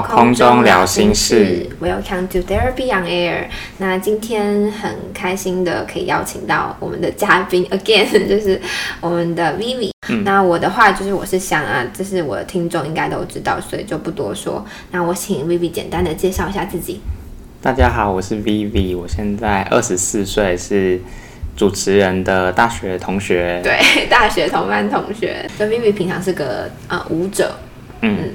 空中療心室，Welcome to Therapy on Air。那今天很開心的可以邀請到我們的嘉賓，again，就是我們的 Vivi、嗯。那我的話就是我是想啊，這是我的聽眾應該都知道，所以就不多說。那我請 Vivi 簡單的介紹一下自己。大家好，我是 Vivi，我現在二十四歲，是主持人的大學同學，對，大學同班同學。那 Vivi 平常是個啊、嗯、舞者，嗯。嗯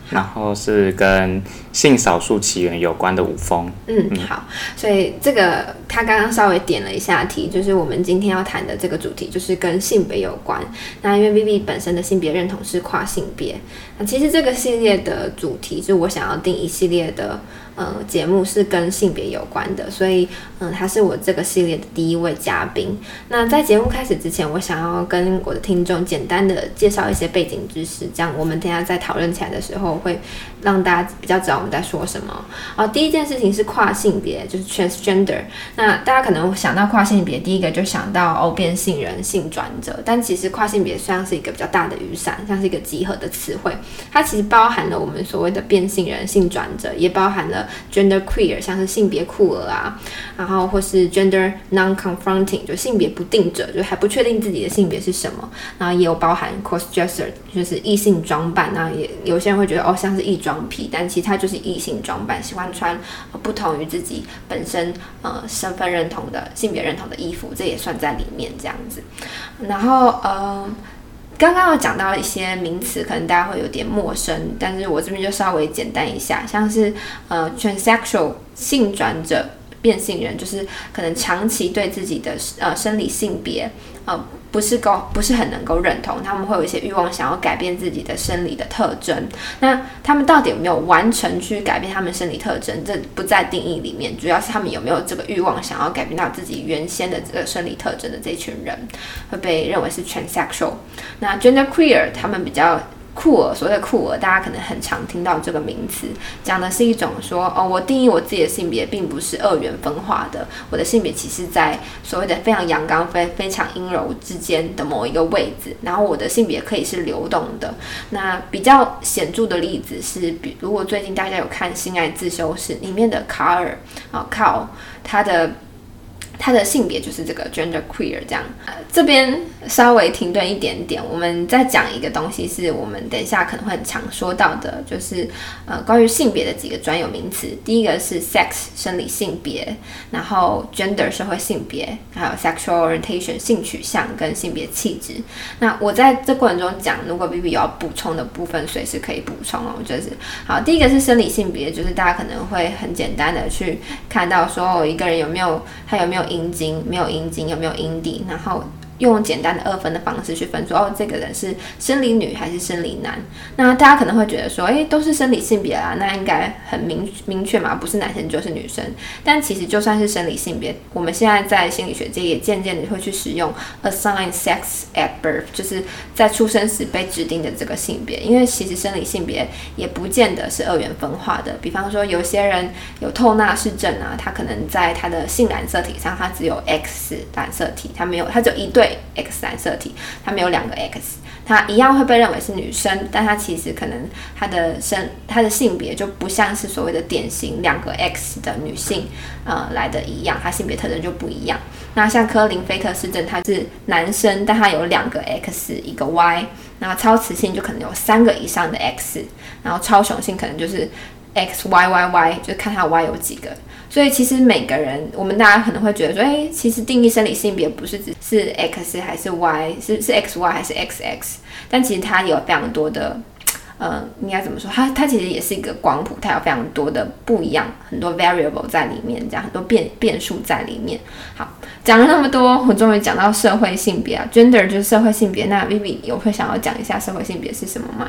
然後是跟性少數起源有關的五封、嗯。嗯，好，所以這個他剛剛稍微點了一下題，就是我們今天要談的這個主題就是跟性別有關。那因為 Vivi 本身的性別認同是跨性別，那其實這個系列的主題，就我想要定一系列的呃節目是跟性別有關的，所以嗯、呃，他是我這個系列的第一位嘉賓。那在節目開始之前，我想要跟我的聽眾簡單的介紹一些背景知識，這樣我們等一下在討論起來的時候。會。讓大家比較知道我們在說什麼啊、哦。第一件事情是跨性別，就是 transgender。那大家可能想到跨性別，第一個就想到哦變性人、性轉者。但其實跨性別算是一個比較大的雨傘，像是一個集合的詞彙。它其實包含了我們所謂的變性人、性轉者，也包含了 gender queer，像是性別酷兒啊，然後或是 gender non-confronting，就性別不定者，就還不確定自己的性別是什麼。然後也有包含 cross-dresser，就是異性裝扮，那也有些人會覺得，哦，像是異裝。裝癖，但其他就是異性裝扮，喜歡穿不同於自己本身呃身份認同的性別認同的衣服，這也算在裡面這樣子。然後呃，剛剛有講到一些名詞，可能大家會有點陌生，但是我這邊就稍微簡單一下，像是呃 transsexual 性轉者。變性人就是可能長期對自己的呃生理性別呃不是夠不是很能夠認同，他們會有一些慾望想要改變自己的生理的特徵。那他們到底有沒有完成去改變他們生理特徵，這不在定義裡面，主要是他們有沒有這個慾望想要改變到自己原先的這個生理特徵的這一群人，會被認為是 transsexual。那 genderqueer，他們比較，酷兒，所謂的酷兒，大家可能很常聽到這個名詞，講的是一種說，哦，我定義我自己的性別並不是二元分化的，我的性別其實在所謂的非常陽剛非非常陰柔之間的某一個位置，然後我的性別可以是流動的。那比較顯著的例子是，比如果最近大家有看《性愛自修室》裡面的卡爾啊，哦，靠他的。它的性別就是這個 gender queer 這樣，啊、這邊稍微停頓一點點，我們再講一個東西，是我們等一下可能會很常說到的，就是呃關於性別的幾個專有名詞。第一個是 sex 生理性別，然後 gender 社會性別，還有 sexual orientation 性取向、跟性別氣質。那我在這過程中講，如果 Vivi 有要補充的部分，隨時可以補充哦、喔。就是好，第一個是生理性別，就是大家可能會很簡單的去看到說一個人有沒有他有沒有。陰莖、沒有陰莖，有沒有陰蒂？然後。用簡單的二分的方式去分組，哦，這個人是生理女還是生理男？那大家可能會覺得說，哎，都是生理性別啊，那應該很明明確嘛，不是男生就是女生。但其實就算是生理性別，我們現在在心理學界也漸漸的會去使用 assign sex at birth，就是在出生時被指定的這個性別。因為其實生理性別也不見得是二元分化的，比方說有些人有透納氏症啊，他可能在他的性染色體上，他只有 X 染色體，他沒有，他只有一對。X 染色體，他沒有兩個 X，他一樣會被認為是女生，但他其實可能他的生他的性別就不像是所謂的典型兩個 X 的女性呃來的一樣，他性別特徵就不一樣。那像科林菲特斯症他是男生，但他有兩個 X 一個 Y，那超雌性就可能有三個以上的 X，然後超雄性可能就是 XYYY，就看他 Y 有幾個。所以其實每個人，我們大家可能會覺得說，誒、欸，其實定義生理性別不是只是 X 還是 Y，是是 XY 還是 XX，但其實它有非常多的，嗯、呃，應該怎麼說？它它其實也是一個光譜，它有非常多的不一樣，很多 variable 在裡面，這樣很多變變數在裡面。好，講了那麼多，我終於講到社會性別啊，gender 就是社會性別。那 Vivi 有會想要講一下社會性別是什麼嗎？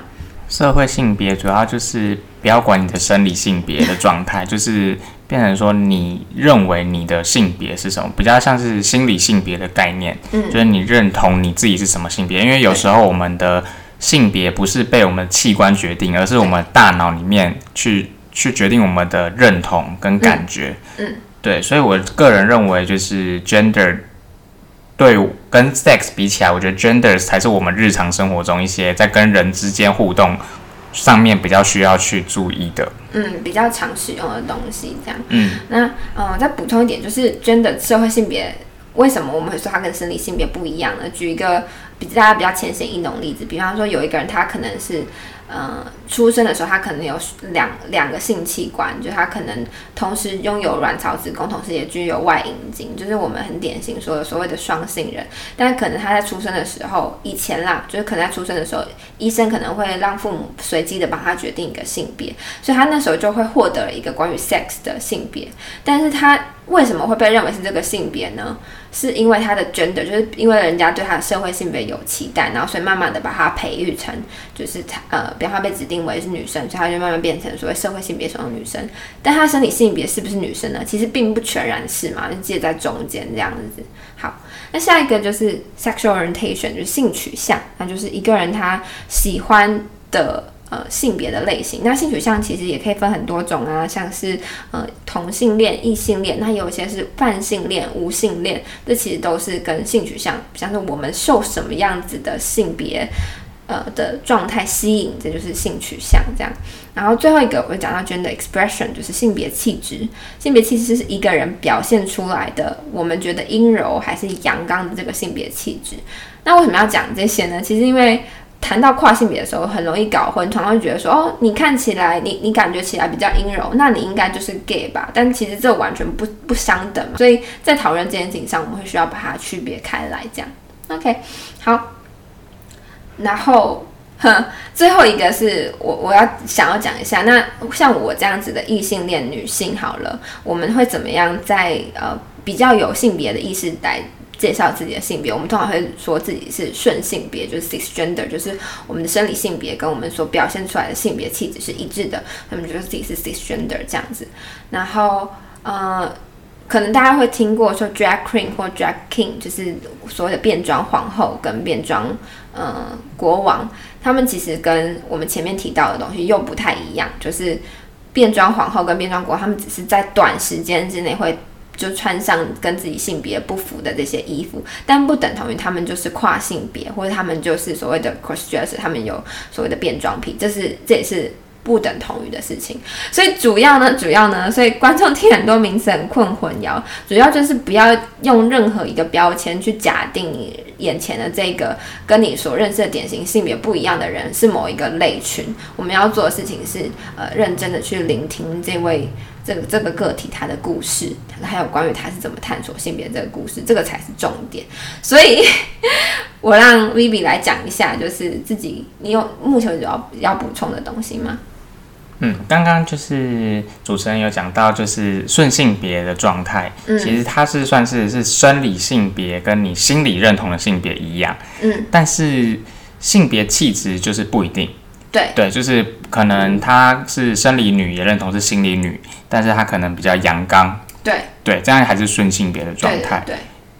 社會性別主要就是不要管你的生理性別的狀態， 就是。變成說，你認為你的性別是什麼？比較像是心理性別的概念，嗯，就是你認同你自己是什麼性別。因為有時候我們的性別不是被我們的器官決定，而是我們大腦裡面去去決定我們的認同跟感覺。嗯，對，所以我個人認為就是 gender 對跟 sex 比起來，我覺得 genders 才是我們日常生活中一些在跟人之間互動。上面比較需要去注意的，嗯，比較常使用的東西，這樣，嗯，那呃，再補充一點，就是 gender 社會性別，為什麼我們會說它跟生理性別不一樣呢？舉一個比大家比較淺顯易懂的例子，比方說有一個人，他可能是。嗯，出生的時候他可能有兩兩個性器官，就他可能同時擁有卵巢、子宮，同時也具有外陰莖，就是我們很典型說的所謂的雙性人。但可能他在出生的時候，以前啦，就是可能在出生的時候，醫生可能會讓父母隨機的幫他決定一個性別，所以他那時候就會獲得了一個關於 sex 的性別，但是他。為什麼會被認為是這個性別呢？是因為他的 gender，就是因為人家對他的社會性別有期待，然後所以慢慢的把他培育成，就是他呃，比方他被指定為是女生，所以他就慢慢變成所謂社會性別中的女生。但他身體性別是不是女生呢？其實並不全然是嘛，就介在中間這樣子。好，那下一個就是 sexual orientation，就是性取向，那就是一個人他喜歡的。呃，性別的類型，那性取向其實也可以分很多種啊，像是呃同性戀、異性戀，那有一些是泛性戀、無性戀，這其實都是跟性取向，像是我們受什麼樣子的性別呃的狀態吸引，這就是性取向這樣。然後最後一個，我會講到 gender expression 就是性別氣質，性別氣質是一個人表現出來的，我們覺得陰柔還是陽剛的這個性別氣質。那為什麼要講這些呢？其實因為。談到跨性別的時候，很容易搞混，常常會覺得說：“哦，你看起來，你你感覺起來比較陰柔，那你應該就是 gay 吧？”但其實這完全不不相等嘛。所以在討論這件事情上，我們會需要把它區別開來。這樣，OK，好。然後呵，最後一個是我我要想要講一下，那像我這樣子的異性戀女性，好了，我們會怎麼樣在呃比較有性別的意識在？介紹自己的性別，我們通常會說自己是順性別，就是 cisgender，就是我們的生理性別跟我們所表現出來的性別氣質是一致的。他們覺得自己是 cisgender 這樣子。然後，呃，可能大家會聽過說 drag queen 或 drag king，就是所謂的變裝皇後跟變裝，呃，國王。他們其實跟我們前面提到的東西又不太一樣，就是變裝皇後跟變裝國，他們只是在短時間之內會。就穿上跟自己性別不符的這些衣服，但不等同於他們就是跨性別，或者他們就是所謂的 crossdress，他們有所謂的變裝癖，這是，這也是不等同於的事情。所以主要呢，主要呢，所以觀眾聽很多名詞很困惑，主要就是不要用任何一個標籤去假定你。眼前的這個跟你所認識的典型性別不一樣的人，是某一個類群。我們要做的事情是，呃，認真的去聆聽這位這個這個個體他的故事，還有關於他是怎麼探索性別這個故事，這個才是重點。所以 我讓 Vivi 來講一下，就是自己你有目前要要補充的東西嗎？嗯，剛剛就是主持人有講到，就是順性別的狀態，嗯，其實她是算是是生理性別跟你心理認同的性別一樣，嗯，但是性別氣質就是不一定，對，對，就是可能她是生理女，也認同是心理女，但是她可能比較陽剛，對，對，這樣還是順性別的狀態，對。對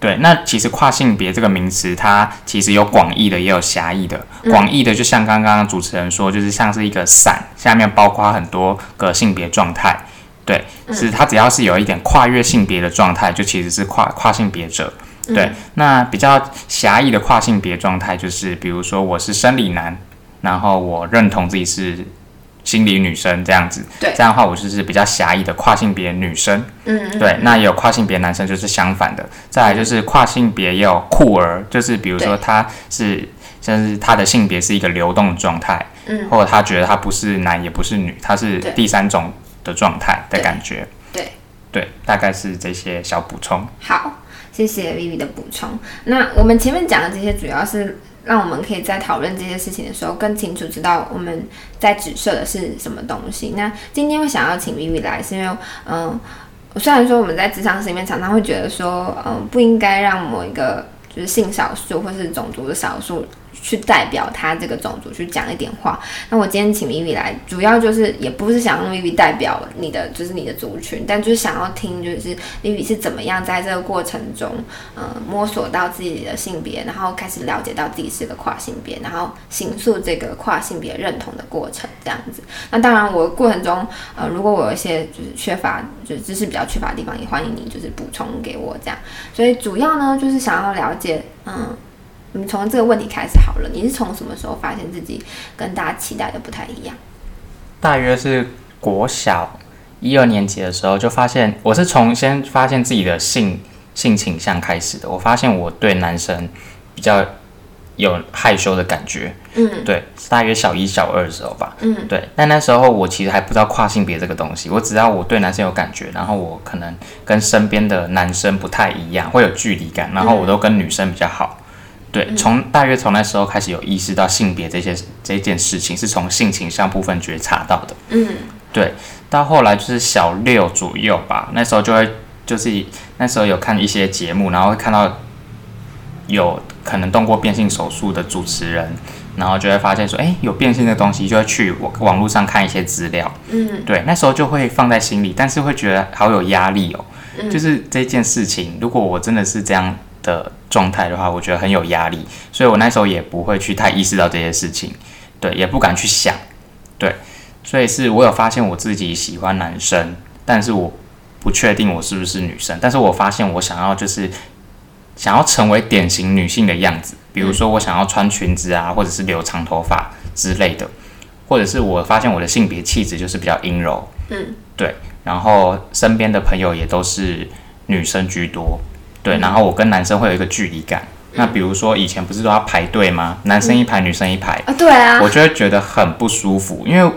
對，那其實跨性別這個名詞，它其實有廣義的，也有狹義的，廣義的就像剛剛主持人說，就是像是一個傘，下面包括很多個性別狀態。對，是它只要是有一點跨越性別的狀態，就其實是跨跨性別者。對，那比較狹義的跨性別狀態，就是比如說我是生理男，然後我認同自己是心理女生這樣子，對，這樣的話我就是比較狹義的跨性別女生，嗯，嗯，嗯，對，那也有跨性別男生，就是相反的。再來就是跨性別也有酷兒，就是比如說他是像是他的性別是一個流動的狀態，嗯，嗯，或者他覺得他不是男也不是女，他是第三種的狀態的感覺，對對，對，對，大概是這些小補充。好，謝謝 Vivi 的補充。那我們前面講的這些主要是。讓我們可以在討論這些事情的時候更清楚知道我們在指涉的是什麼東西。那今天我想要請 Vivi 來，是因為，嗯，雖然說我們在職場裡面常常會覺得說，嗯，不應該讓某一個就是性少數或是種族的少數。去代表他這個種族去講一點話。那我今天請 Vivi 來，主要就是也不是想讓 Vivi 代表你的，就是你的族群，但就是想要聽，就是 Vivi 是怎麼樣在這個過程中，嗯，摸索到自己的性別，然後開始了解到自己是個跨性別，然後形塑這個跨性別認同的過程，這樣子。那當然，我過程中，呃，如果我有一些就是缺乏，就是知識比較缺乏的地方，也歡迎你就是補充給我這樣。所以主要呢，就是想要了解，嗯。你從這個問題開始好了。你是從什麼時候發現自己跟大家期待的不太一樣？大約是國小一二年級的時候就發現，我是從先發現自己的性性傾向開始的。我發現我對男生比較有害羞的感覺。嗯，對，大約小一小二的時候吧。嗯，對。但那時候我其實還不知道跨性別這個東西，我只知道我對男生有感覺，然後我可能跟身邊的男生不太一樣，會有距離感，然後我都跟女生比較好。嗯對，從大約從那時候開始有意識到性別這些這件事情，是從性傾向部分覺察到的。嗯，對，到後來就是小六左右吧，那時候就會就是那時候有看一些節目，然後會看到有可能動過變性手術的主持人，然後就會發現說，哎，有變性的東西，就會去網網絡上看一些資料。嗯，對，那時候就會放在心裡，但是會覺得好有壓力哦。就是這件事情，如果我真的是這樣的。狀態的話，我覺得很有壓力，所以我那時候也不會去太意識到這些事情，對，也不敢去想，對，所以是我有發現我自己喜歡男生，但是我不確定我是不是女生，但是我發現我想要就是想要成為典型女性的樣子，比如說我想要穿裙子啊，或者是留長頭髮之類的，或者是我發現我的性別氣質就是比較陰柔，嗯，對，然後身邊的朋友也都是女生居多。對，然後我跟男生會有一個距離感、嗯。那比如說以前不是都要排隊嗎？男生一排，嗯、女生一排啊。對啊。我就會覺得很不舒服，因為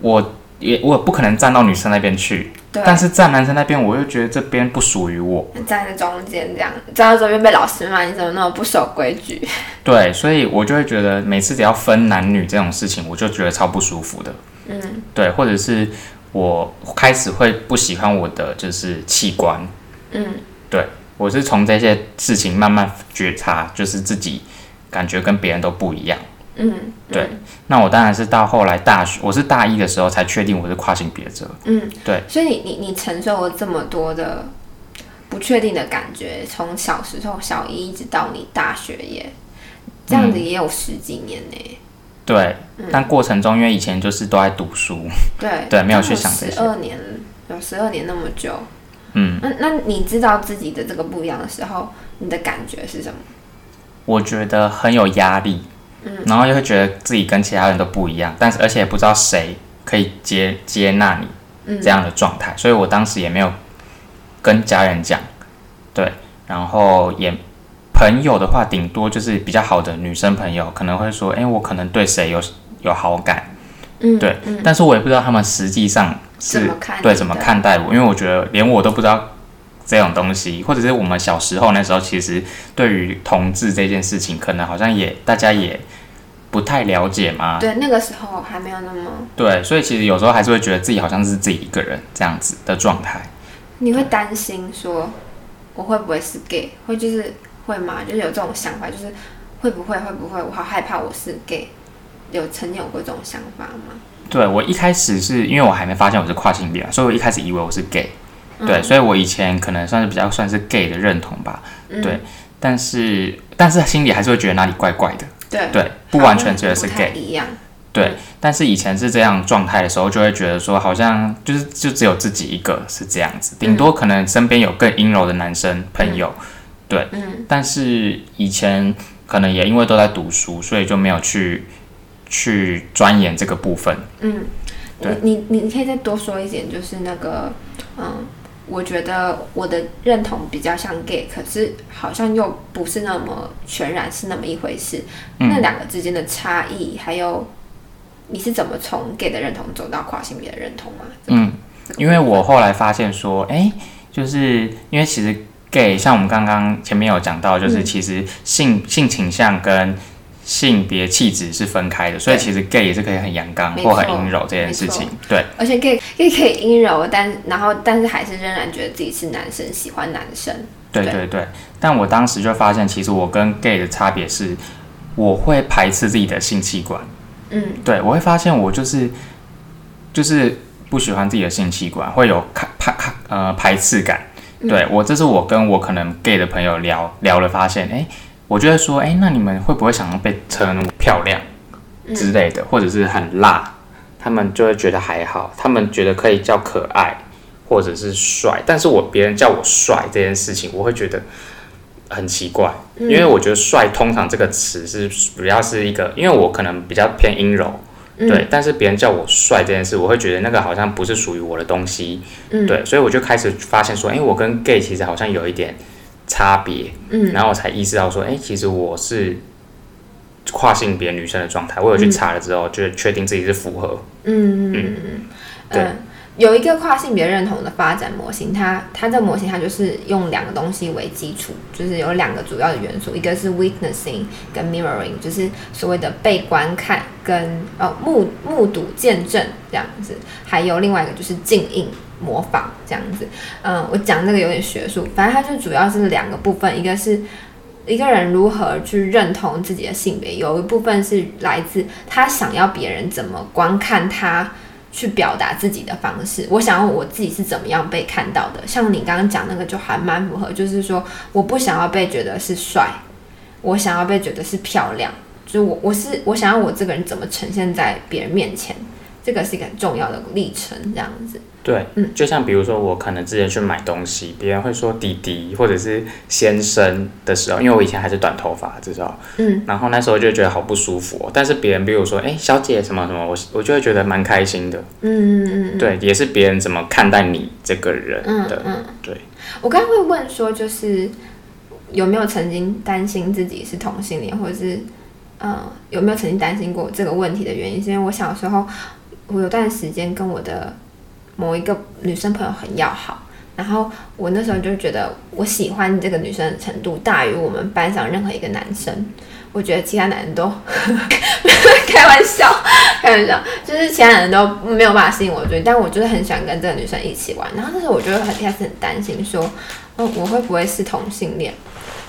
我也我也不可能站到女生那邊去。對。但是站男生那邊，我又覺得這邊不屬於我。站在中間這樣，站在中間被老師罵，你怎麼那麼不守規矩？對，所以我就會覺得每次只要分男女這種事情，我就覺得超不舒服的。嗯。對，或者是我開始會不喜歡我的就是器官。嗯。對。我是從這些事情慢慢覺察，就是自己感覺跟別人都不一樣嗯。嗯，對。那我當然是到後來大學，我是大一的時候才確定我是跨性別者。嗯，對。所以你你你承受了這麼多的不確定的感覺，從小時候小一一直到你大學也這樣子也有十幾年呢、欸嗯。對、嗯，但過程中因為以前就是都在讀書，對 對，沒有去想這些。十二年，有十二年那麼久。嗯，那、嗯、那你知道自己的這個不一樣的時候，你的感覺是什麼？我覺得很有壓力，嗯，然後又會覺得自己跟其他人都不一樣，但是而且也不知道誰可以接接納你這樣的狀態、嗯，所以我當時也沒有跟家人講，對，然後也朋友的話，頂多就是比較好的女生朋友可能會說，哎、欸，我可能對誰有有好感，嗯，對嗯，但是我也不知道他們實際上，怎麼看？對，怎麼看待我，因為我覺得連我都不知道這種東西，或者是我們小時候那時候，其實對於同志這件事情，可能好像也大家也不太了解嘛。對，那個時候還沒有那麼對，所以其實有時候還是會覺得自己好像是自己一個人這樣子的狀態。你會擔心說我會不會是 gay，會就是會嗎？就是有這種想法，就是會不會會不會，我好害怕我是 gay，有曾經有過這種想法嗎？對，我一開始是因為我還沒發現我是跨性別，所以我一開始以為我是 gay，、嗯、對，所以我以前可能算是比較算是 gay 的認同吧，嗯、對，但是但是心裡還是會覺得哪裡怪怪的，對，對不完全覺得是 gay 一樣，對，但是以前是這樣狀態的時候，就會覺得說好像就是就只有自己一個是這樣子，頂多可能身邊有更陰柔的男生、嗯、朋友，對、嗯，但是以前可能也因為都在讀書，所以就沒有去。去鑽研這個部分。嗯，對你你你可以再多說一點，就是那個，嗯，我覺得我的認同比較像 gay，可是好像又不是那麼全然是那麼一回事。嗯、那兩個之間的差異，還有你是怎麼從 gay 的認同走到跨性別的認同嗎、啊這個。嗯、這個，因為我後來發現說，哎、欸，就是因為其實 gay 像我們剛剛前面有講到，就是、嗯、其實性性傾向跟。性別氣質是分開的，所以其實 gay 也是可以很陽剛或很陰柔這件事情，對。而且 gay 也可以陰柔，但然後但是還是仍然覺得自己是男生，喜歡男生對。對對對。但我當時就發現，其實我跟 gay 的差別是，我會排斥自己的性器官。嗯。對，我會發現我就是就是不喜歡自己的性器官，會有卡卡卡呃排斥感。嗯、對我，這是我跟我可能 gay 的朋友聊聊了，發現哎。欸我就會說，誒、欸，那你們會不會想要被稱漂亮之類的，或者是很辣？他們就會覺得還好，他們覺得可以叫可愛，或者是帥。但是我別人叫我帥這件事情，我會覺得很奇怪，因為我覺得帥通常這個詞是主要是一個，因為我可能比較偏陰柔，對。但是別人叫我帥這件事，我會覺得那個好像不是屬於我的東西，對。所以我就開始發現說，誒、欸，我跟 gay 其實好像有一點。差別，嗯，然後我才意識到說，哎、嗯欸，其實我是跨性別女生的狀態。我有去查了之後，嗯、就確定自己是符合。嗯嗯嗯，對、呃，有一個跨性別認同的發展模型，它它這個模型它就是用兩個東西為基礎，就是有兩個主要的元素，一個是 witnessing 跟 mirroring，就是所謂的被觀看跟呃、哦、目目睹見證這樣子，還有另外一個就是鏡映。模仿這樣子，嗯，我講那個有點學術，反正它就主要是兩個部分，一個是一個人如何去認同自己的性別，有一部分是來自他想要別人怎麼觀看他去表達自己的方式。我想要我自己是怎麼樣被看到的，像你剛剛講那個就還蠻符合，就是說我不想要被覺得是帥，我想要被覺得是漂亮，就我，我是，我想要我這個人怎麼呈現在別人面前。這個是一個很重要的歷程，這樣子。對，嗯，就像比如說我可能之前去買東西，別人會說弟弟或者是先生的時候，因為我以前還是短頭髮，至少嗯，然後那時候就覺得好不舒服哦。但是別人比如說哎、欸，小姐什麼什麼，我我就會覺得蠻開心的。嗯嗯嗯。對，也是別人怎麼看待你這個人的。嗯，嗯對，我剛才會問說，就是有沒有曾經擔心自己是同性戀，或者是嗯，有沒有曾經擔心過這個問題的原因？是因為我小時候。我有段時間跟我的某一個女生朋友很要好，然後我那時候就覺得我喜歡這個女生的程度大於我們班上任何一個男生。我覺得其他男人都 開玩笑，開玩笑，就是其他男人都沒有辦法吸引我追，但我就是很喜歡跟這個女生一起玩。然後那時候我就很開始很擔心說，嗯，我會不會是同性戀？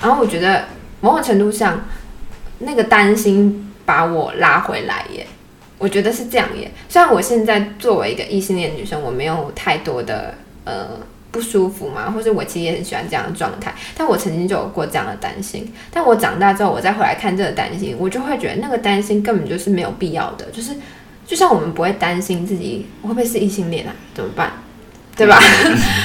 然後我覺得某種程度上，那個擔心把我拉回來耶。我覺得是這樣耶。雖然我現在作為一個異性戀女生，我沒有太多的呃不舒服嘛，或者我其實也很喜歡這樣的狀態。但我曾經就有過這樣的擔心，但我長大之後，我再回來看這個擔心，我就會覺得那個擔心根本就是沒有必要的。就是就像我們不會擔心自己會不會是異性戀啊，怎麼辦？對吧？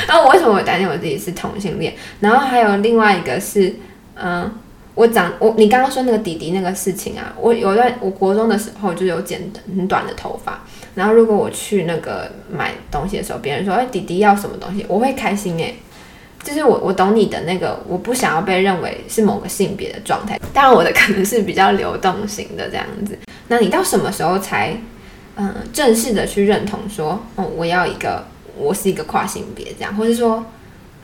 那 我 為什麼會擔心我自己是同性戀？然後還有另外一個是，嗯、呃。我長我你剛剛說那個弟弟那個事情啊，我有段我國中的時候就有剪很短的頭髮，然後如果我去那個買東西的時候，別人說哎、欸、弟弟要什麼東西，我會開心誒、欸。就是我我懂你的那個我不想要被認為是某個性別的狀態，當然我的可能是比較流動型的這樣子。那你到什麼時候才嗯、呃、正式的去認同說哦我要一個我是一個跨性別這樣，或是說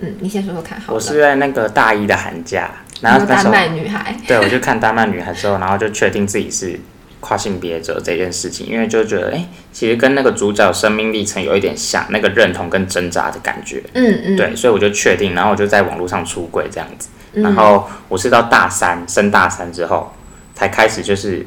嗯你先說說看好了。我是在那個大一的寒假，然後那時候， 對，我就看《丹麥女孩》之後，然後就確定自己是跨性別者這件事情，因為就覺得哎，其實跟那個主角生命歷程有一點像，那個認同跟掙扎的感覺。嗯嗯。對，所以我就確定，然後我就在網絡上出櫃這樣子。然後我是到大三，升大三之後，才開始就是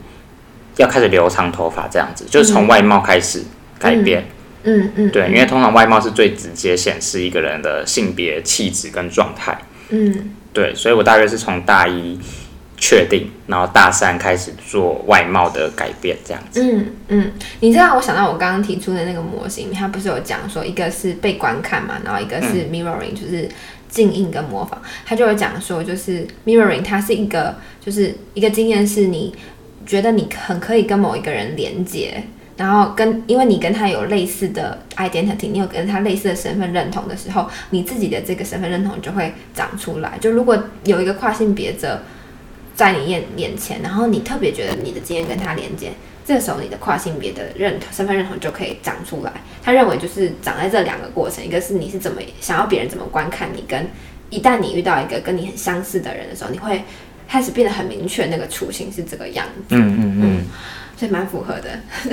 要開始留長頭髮這樣子，就是從外貌開始改變。嗯嗯，嗯，嗯。對，因為通常外貌是最直接顯示一個人的性別氣質跟狀態。嗯。對，所以我大約是從大一確定，然後大三開始做外貌的改變這樣子。嗯嗯，你知道我想到我剛剛提出的那個模型，它不是有講說一個是被觀看嘛，然後一個是 mirroring，、嗯、就是鏡映跟模仿。他就有講說，就是 mirroring，它是一個，就是一個經驗是你覺得你很可以跟某一個人連接。然後跟，因為你跟他有類似的 identity，你有跟他類似的身份認同的時候，你自己的這個身份認同就會長出來。就如果有一個跨性別者在你眼前，然後你特別覺得你的經驗跟他連接，這個時候你的跨性別的認同身份認同就可以長出來。他認為就是長在這兩個過程，一個是你是怎麼想要別人怎麼觀看你，跟一旦你遇到一個跟你很相似的人的時候，你會開始變得很明確，那個雛形是這個樣子。嗯嗯嗯。嗯嗯是蠻符合的。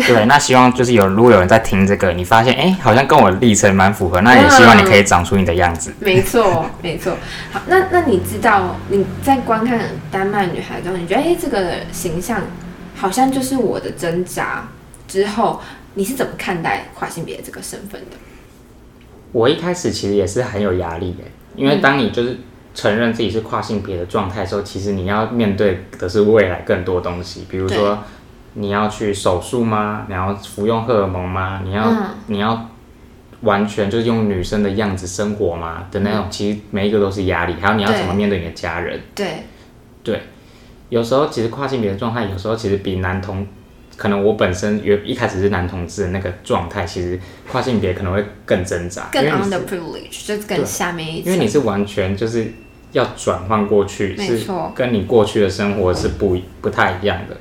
對，那希望就是有，如果有人在聽這個，你發現哎，好像跟我歷程蠻符合，那也希望你可以長出你的樣子。嗯。沒錯，沒錯。好，那那你知道你在觀看《丹麥女孩》之後，你覺得哎，這個形象好像就是我的掙扎之後，你是怎麼看待跨性別這個身份的？我一開始其實也是很有壓力的，因為當你就是承認自己是跨性別的狀態的時候，嗯，其實你要面對的是未來更多東西，比如說。你要去手術嗎？你要服用荷爾蒙嗎？你要、嗯、你要完全就是用女生的樣子生活嗎？的那種，嗯、其實每一個都是壓力。還有你要怎麼面對你的家人？對對，對，有時候其實跨性別的狀態，有時候其實比男同，可能我本身也一開始是男同志的那個狀態，其實跨性別可能會更掙扎。更 under privilege，是就是更下面一層。因為你是完全就是要轉換過去，沒錯，是，跟你過去的生活是不不太一樣的。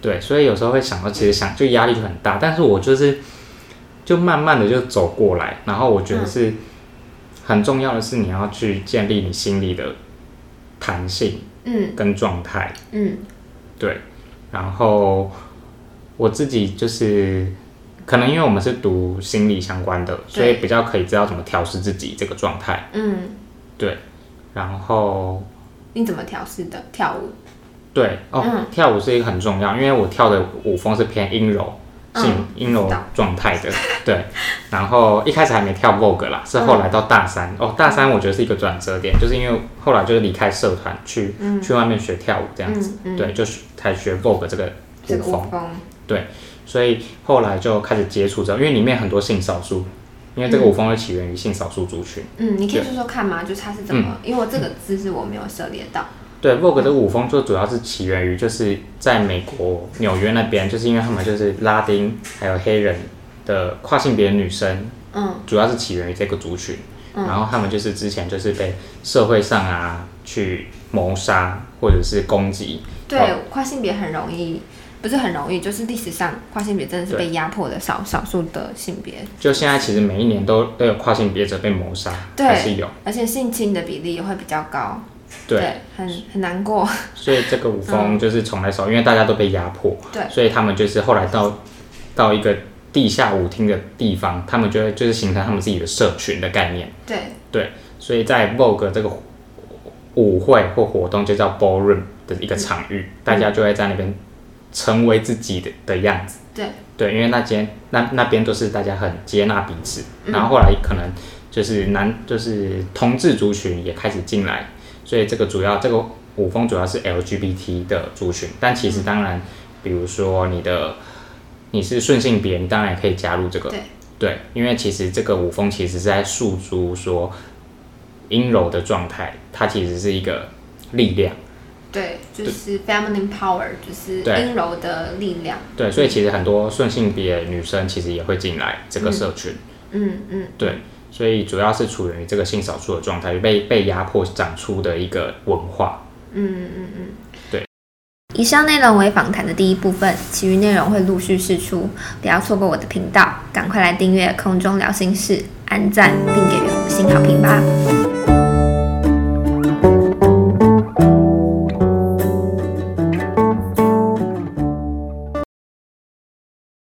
對，所以有時候會想到，其實想就壓力就很大，但是我就是就慢慢的就走過來，然後我覺得是很重要的，是你要去建立你心理的彈性，嗯，跟狀態，嗯，嗯，對，然後我自己就是可能因為我們是讀心理相關的，嗯，所以比較可以知道怎麼調試自己這個狀態，嗯，對，然後你怎麼調試的？跳舞？對哦、嗯，跳舞是一個很重要，因為我跳的舞風是偏陰柔，性、嗯、陰柔狀態的、嗯。對，然後一開始還沒跳 Vogue 啦，是後來到大三、嗯、哦，大三我覺得是一個轉折點，就是因為後來就是離開社團去、嗯、去外面學跳舞這樣子。嗯嗯嗯、對，就是才學 Vogue 這個舞風。這個風。對，所以後來就開始接觸這，因為裡面很多性少數，因為這個舞風是起源於性少數族群。嗯，你可以說說看嗎？就是它、是、是怎麼、嗯？因為我這個知識我沒有涉獵到。對，Vogue 的舞風就主要是起源於，就是在美國紐約那邊，就是因為他們就是拉丁還有黑人的跨性別女生，嗯，主要是起源於這個族群，嗯，然後他們就是之前就是被社會上啊去謀殺或者是攻擊，對，跨性別很容易，不是很容易，就是歷史上跨性別真的是被壓迫的少少數的性別，就現在其實每一年都都有跨性別者被謀殺，對，還是有，而且性侵的比例也會比較高。對，對，很很難過。所以這個舞風就是從那時候，嗯，因為大家都被壓迫，對，所以他們就是後來到到一個地下舞廳的地方，他們就會就是形成他們自己的社群的概念。對對，所以在 Vogue 這個舞會或活動，就叫 ballroom 的一個場域，嗯，大家就會在那邊成為自己的的樣子。對對，因為那間那那邊都是大家很接納彼此，嗯、然後後來可能就是男就是同志族群也開始進來。所以這個主要，這個舞風主要是 LGBT 的族群，但其實當然，比如說你的，你是順性別，你當然也可以加入這個。對。對，因為其實這個舞風其實是在訴諸說陰柔的狀態，它其實是一個力量。對，就是 feminine power，就是陰柔的力量。對，所以其實很多順性別女生其實也會進來這個社群。嗯嗯，嗯。對。所以主要是處於這個性少數的狀態，被被壓迫長出的一個文化。嗯嗯嗯，對。以上內容為訪談的第一部分，其餘內容會陸續釋出，不要錯過我的頻道，趕快來訂閱《空中療心室》，按讚並給予五星好評吧。